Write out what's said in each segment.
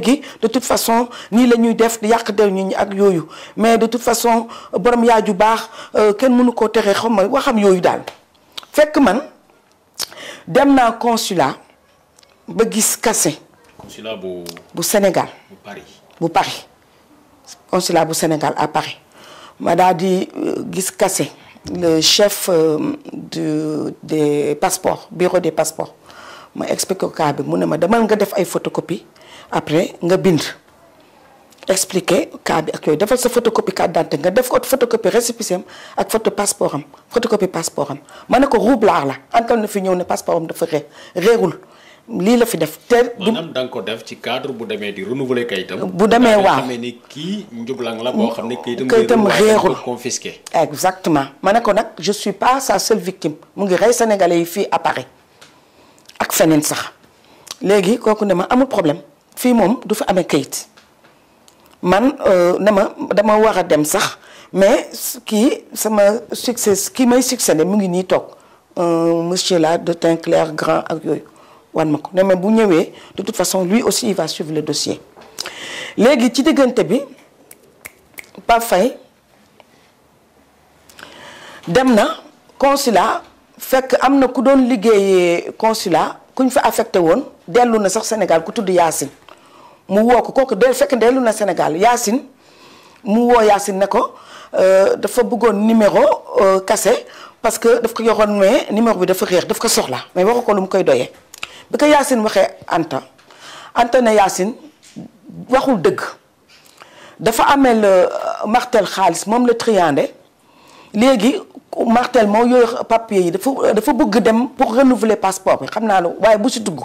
de toute façon ni les nuits def di yàq der ñu ñi ak yoyu mais de toute façon borom yaay ju baax euh, kenn mënu ko tere xam waxam yoyu dal fekk man dem na consulat ba gis cassé consulat bu bu Sénégal bu Paris bu Paris consulat bu Sénégal à Paris ma daal di euh, gis cassé le chef euh, du des passeports bureau des passeports ma expliqué ko cas bi mu ne ma demal nga def ay photocopie après nga bind expliquer cas ak photocopie carte d'identité nga def récépissé photo passeport photocopie passeport la fi passeport dafa la fi def ko def ci cadre bu démé di renouveler bu confisqué. exactement Je je suis pas sa seule victime mu ngi sénégalais à Paris ak sax ne ma amul problème fi mom du fa amé kayit man euh néma dama wara dem sax mais ki sama succès kii may succédé mu ngi tok euh monsieur là de teint clair grand ak yooyu wan mako ko bu ñëwé de toute façon lui aussi il va suivre le dossier légui ci digënté bi pa fay dem na consulat fekk amna ku doon liggéeyee consulat kuñ fa affecté won dellu na sax Sénégal ku tuddu yassine mu woo ko kooku del fekk dellu na Sénégal yassine mu woo yassine ne ko euh, dafa bëggoon numéro euh, cassé parce que daf ko yoxoon mais numéro bi dafa réer daf ko soxla mais waxu ko lu koy doyé bi ko Yacine waxee Anta Anta ne yassine waxul dëgg dafa amel euh, martel khalis mom le triandé légui martel mo yoy papier yi dafa dafa bëgg dem pour renouveler passeport xamna lo naa bu ci dugg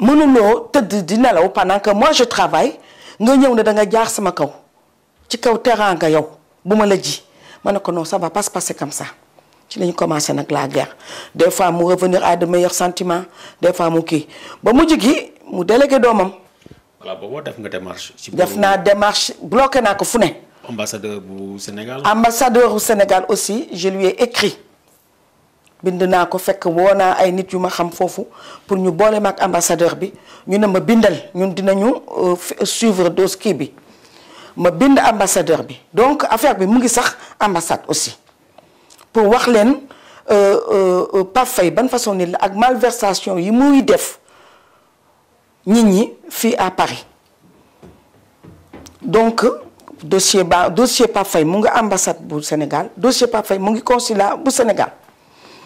mënuloo tëdd di nelaw pendant que moi je travaille nga ñew ne da nga jaar sama kaw ci kaw nga yow buma la ji ma ne ko non ça va pas se passer comme ça ci la commencé la guerre des fois mu revenir à de meilleurs sentiments des fois mu ki ba mu gi mu délégué doomam. voilà boobu def nga démarche. ci def na démarche bloqué naa ko fu ambassadeur du Sénégal. ambassadeur du Sénégal aussi je lui ai écrit binde naa ko fekk wona ay nit yu ma xam fofu pour ñu boole mak ambassadeur bi ñu ne ma bindal ñun dinañu euh, euh, suivre dossier bi ma bind ambassadeur bi donc affaire bi mu ngi sax ambassade aussi pour wax euh, euh pas fay ban façon ni ak malversation yi muy def nit ñi fi à Paris donc dossier ba dossier pas fay mu ngi ambassade bu Sénégal dossier pas fay mu ngi consulat bu Sénégal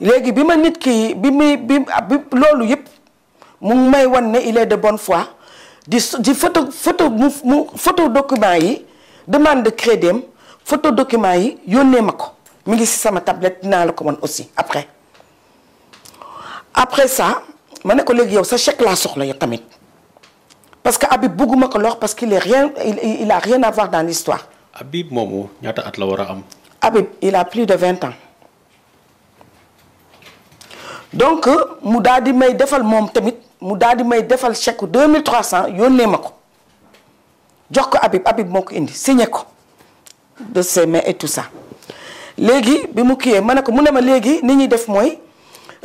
léegi bima ma nit ki bi bi lolu yep mu may wan il est de bonne foi di di photo photo mu photo document yi demande de crédit photo document yi yónnee mako ko mi ngi sama tablette dinaa la ko man aussi après après ça mané ko léegi yow sa chèque la soxla ya tamit parce que Habib bugguma ko lor parce qu'il est rien il il a rien à voir dans l'histoire Habib Momo, ñata at la wara am. Habib il a plus de vingt ans. donc euh, mu daal di may defal moom tamit mu daal di may defal chèque deux mille trois cent yónnee ma ko jox ko Habib Habib moo ko indi signé ko de ses mains et tout ça léegi bi mu kiiyee ma ne ko mu ne ma léegi ni ñuy def mooy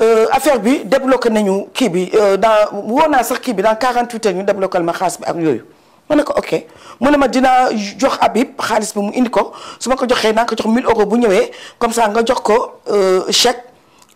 euh, affaire bi débloqué nañu kii bi euh, dans woo naa sax kii bi dans 48 heures ñu débloqué ma xaalis bi ak yooyu ma ne ko ok mu ne ma dinaa jox Habib xaalis bi mu indi ko su ma ko joxee naa ko jox 1000 bu ñëwee comme sax nga jox ko chèque.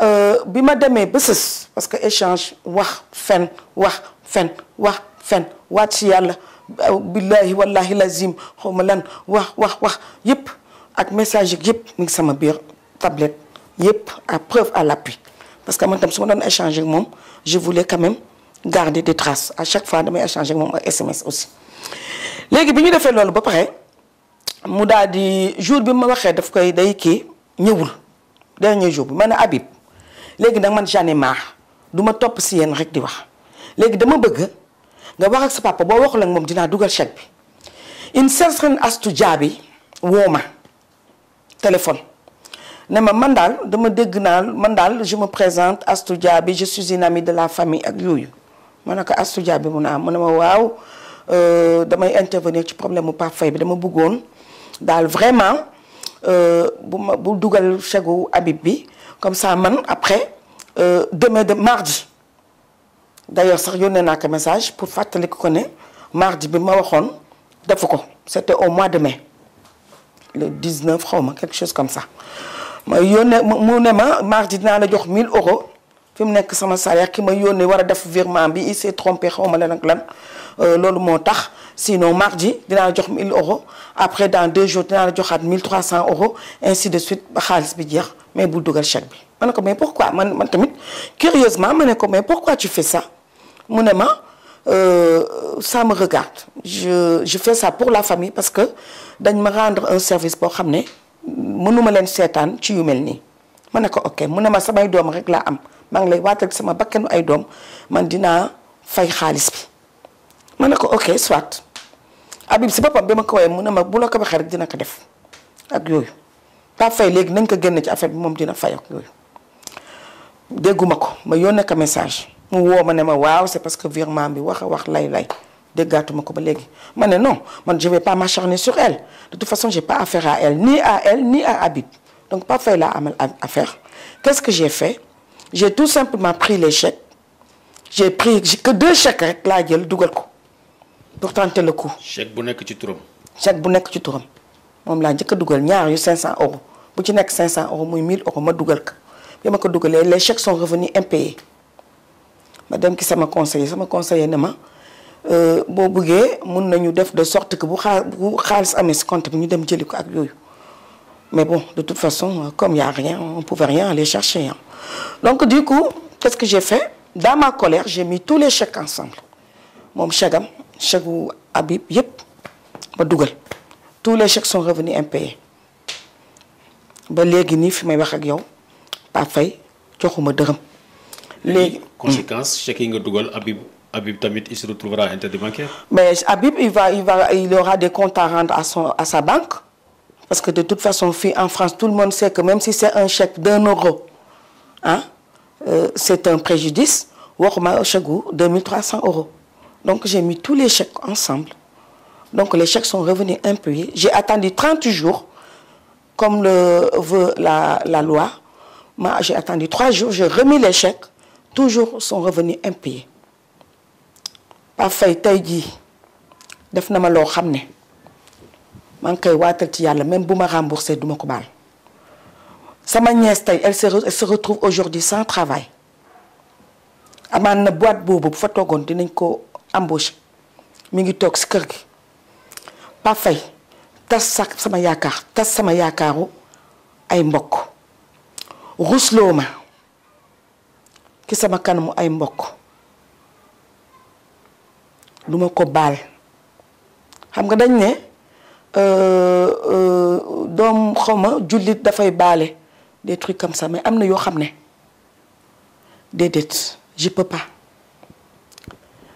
Euh, bi ma demee ba parce que échange wax fen wax fen wax fen wat ci yalla billahi wallahi lazim xaw lan wax wax wax yep ak message yep yëpp mi sama biir tablette yep à preuve à l'appui parce que man tam su ma échanger ak je voulais quand même garder des traces à chaque fois damay échanger ak moom SMS aussi. légui biñu défé lolu ba paré mu daal di jour bi ma waxé daf koy day ki ñewul dernier jour bi mané Habib. léegi nag man j'en ai du ma topp si yéen rek di wax léegi dama bëgg nga wax ak sa papa boo waxu ak moom dinaa dugal chèque bi une certaine astu jaabi woo ma téléphone ne ma man daal dama dëgg naa man daal je me présente astu jaabi je suis une amie de la famille ak yooyu ma ne ko astu jaabi mu ne am ah, mu ma waaw euh, damay intervenir ci problème mu Pape Faye bi dama bëggoon daal vraiment euh, bu ma bu dugal chèque gu bi comme ça man après euh, demain de mardi d'ailleurs sax y a message pour faire les connaît mardi c'était au mois de mai le 19 quelque chose comme ça mardi 1000 euros je suis sama salaire ki ma virement il s'est trompé lan euh, sinon mardi a 1 1000 euros après dans deux jours dina a 1 1300 euros ainsi de suite Khalis vais bi mais bul dugal Mais bi. ne mais pourquoi curieusement pourquoi tu fais ça Mon euh, ça me regarde je fais ça pour la famille parce que vais me rendre un service pour ramener ne setan ci yu Je ok je samay vais rek am lay sama ok soit Habib si papa bi ma ko woowee mu ne ma bu la ko waxee rek dina ko def ak yooyu Pape Faye léegi nañ ko ci affaire bi moom dina fay ak yooyu dégguma message mu ma ne ma wow. c'est parce que virement bi wax a wax lay-lay déggaatuma ko ba léegi ma ne non man je vais pas m'acharner sur elle de toute façon j'ai pas affaire à elle ni à elle ni à Abib. donc pas la laa à affaire qu'est-ce que j'ai fait j'ai tout simplement pris les chèques j'ai pris que deux chèques avec la gueule. Double ko pour le coup. chèque bonnet que tu trouves. chèque bu nekk ci turam l'a dit que a n'y ñaar yu 500 euros bu ci cinq 500 euros muy 1000 euros ma dugal ma les chèques sont revenus impayés Madame qui ki ma conseiller sama conseiller conseillé n'ema. Euh, boo bëggee mun nañu def de sorte que vous xaar bu compte bi ñu dem jëli mais bon de toute façon comme il n'y a rien on ne pouvait rien aller chercher hein. donc du coup qu'est-ce que j'ai fait dans ma colère j'ai mis tous les chèques ensemble Mon chèque chèque Abib, Habib yep, ba Dougal. tous les chèques sont revenus impayés ba les nii fi may wax ak yow Pape Les conséquences, dërëm. léegi conséquence chèque Abib tamit il se retrouvera interdit bancaire. mais Habib il va il va il aura des comptes à rendre à son à sa banque parce que de toute façon en France tout le monde sait que même si c'est un chèque d'un euro hein, euh, c'est un préjudice waxuma chèque Abib, 2300 euros. Donc j'ai mis tous les chèques ensemble. Donc les chèques sont revenus impayés. J'ai attendu 30 jours, comme le veut la, loi. J'ai attendu 3 jours, j'ai remis les chèques. Toujours sont revenus impayés. Parfait, t'as ne Je pas le ramener. Je ne ci même bu ma remboursé duma ko nièce elle se se retrouve aujourd'hui sans travail a na boîte embauché mi ngi toog si kër gi Pape Faye tas sa sama yaakaar tas sama yaakaaru ay mbokk rusloo ma ki sama kanamu ay mbokk duma ko baal xam nga dañ ne euh, euh, doom xaw ma jullit dafay baale des trucs comme ça mais am na yoo xam ne déedéet je peux pas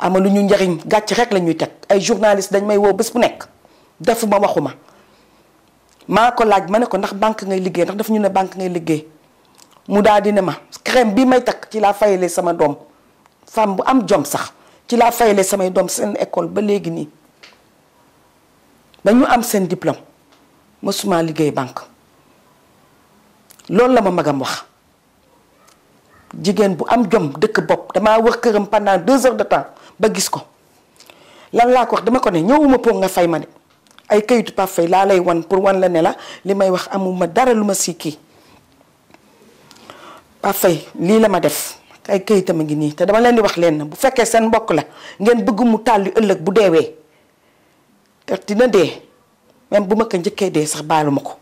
amalu ñu njariñ gàcc rek la ñuy teg ay journaliste dañ may woo bés bu nekk defuma waxuma maa ko laaj ma ne ko ndax banque ngay liggéey ndax dafa ñu ne banque ngay liggéey mu daal di ne ma crème bi may takk ci laa fayalee sama doom femme bu am jom sax ci laa fayalee samay doom seen école ba léegi nii ba am seen diplôme mësuma liggéey banque loolu la ma magam wax jigéen bu am jom dëkk bopp damaa wax këram pendant deux heures de temps ba gis ko lan laa ko wax dama ko ne ñëwuma pour nga fay ma de ay kayitu Pape Faye laa lay wan pour wan la ne la li may wax amuma dara lu ma si kii lii la ma def ay kayitam a ngi nii te dama leen di wax lenn bu fekkee seen mbokk la ngeen bëgg mu tàlli ëllëg bu deewee te dina dee même bu ma ko njëkkee dee sax baalu ma ko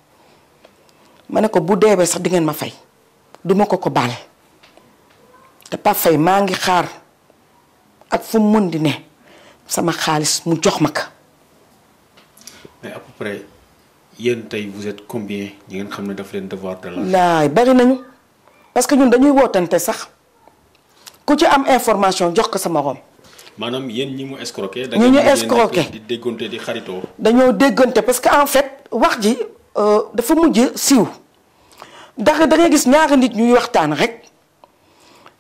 ma ne ko bu deewee sax di ngeen ma fay duma ko ko baal te parfait ma ngi xaar ak fu mën ne sama xaaliss mu jox maka mais à peu près yeen tay vous êtes combien ñi ngeen xamne daf leen devoir de l'argent lay bari nañu parce que ñun dañuy wotante sax ku ci am information jox ko sama rom manam yeen ñi mu escroqué da ñu ñu escroqué di dégonté di xarito dañoo dégonté parce que en fait wax ji euh, dafa mujj da nga da nga gis ñaari nit ñuy waxtaan rek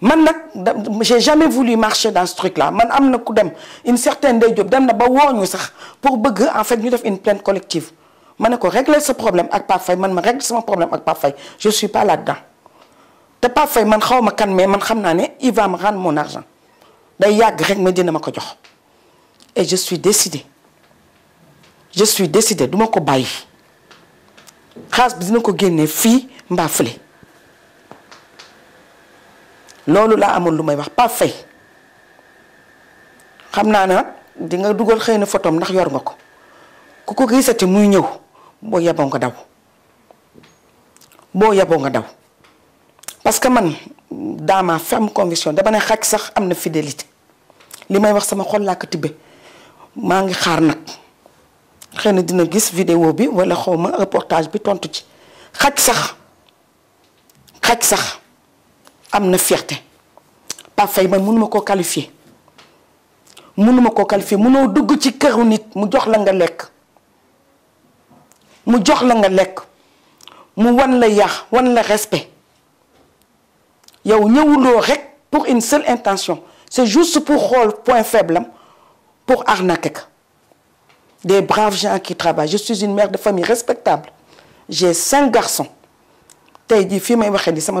man nak j'ai jamais voulu marcher dans ce truc là man amna dem une certaine day job dem na ba woñu sax pour bëgg en fait ñu def une plainte collective mané ko régler ce problème ak pas Faye man ma régler ce problème ak pas Faye je suis pas là-dedans te pas Faye man xaw ma kan mais man xam naa il va me rendre mon argent day yag rek ma dina mako jox et je suis décidé je suis décidé duma ko bàyyi xaalis bi dina ko génnee fii loolu laa amoon lu may wax Pape Faye xam naa na di nga dugal xëy na photom ndax yor nga ko ku ko gisati muy ñëw boo yeboo nga daw boo yeboo nga daw parce que man dama ferme conviction dama ne xaj sax am na fidélité li may wax sama xol laa ko tibbe maa ngi xaar nag xëy na dina gis vidéo bi wala xaw ma reportage bi tontu ci xaj sax xaj sax am fierté Je ne peux pas qualifier Je suis qualifier mënoo dugg Je suis nit mu jox la nga lekk mu jox la nga peux mu wan la suis wan la respect yow rek pour une seule intention c'est juste pour rôle, point faible pour arnaquer des braves gens qui travaillent je suis une mère de famille respectable j'ai cinq garçons may Je ni sama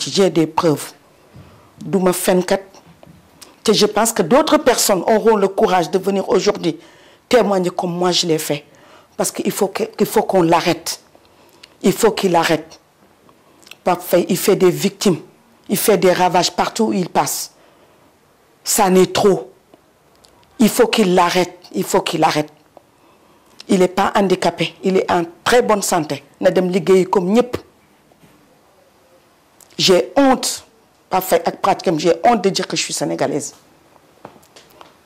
j'ai des preuves je pense que d'autres personnes auront le courage de venir aujourd'hui témoigner comme moi je l'ai fait parce qu'il faut qu'on l'arrête il faut qu'il arrête il fait des victimes il fait des ravages partout où il passe ça n'est trop il faut qu'il l'arrête il faut qu'il arrête il n'est pas handicapé il est en très bonne santé na dem comme j'ai honte pas fait, j'ai honte de dire que je suis sénégalaise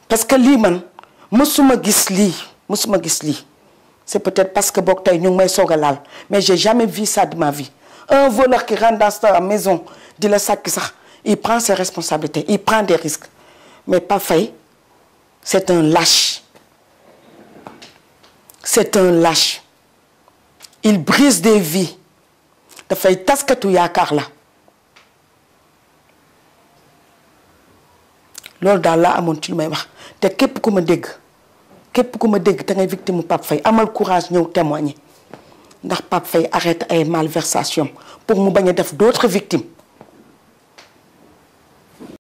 parce que lui man musuma c'est peut-être parce que boog mais j'ai jamais vu ça de ma vie un voleur qui rentre dans la maison il prend ses responsabilités il prend des risques mais pas fait, c'est un lâche c'est un lâche il brise des vies dafay taskatu yaakaar la loolu daal laa mon ci lu may wax te képp me ma dégg képp ku me dégg tu ngay victime Pape Faye le courage de témoigner ndax Pape Faye arrête les malversations pour mu bañ d'autres victimes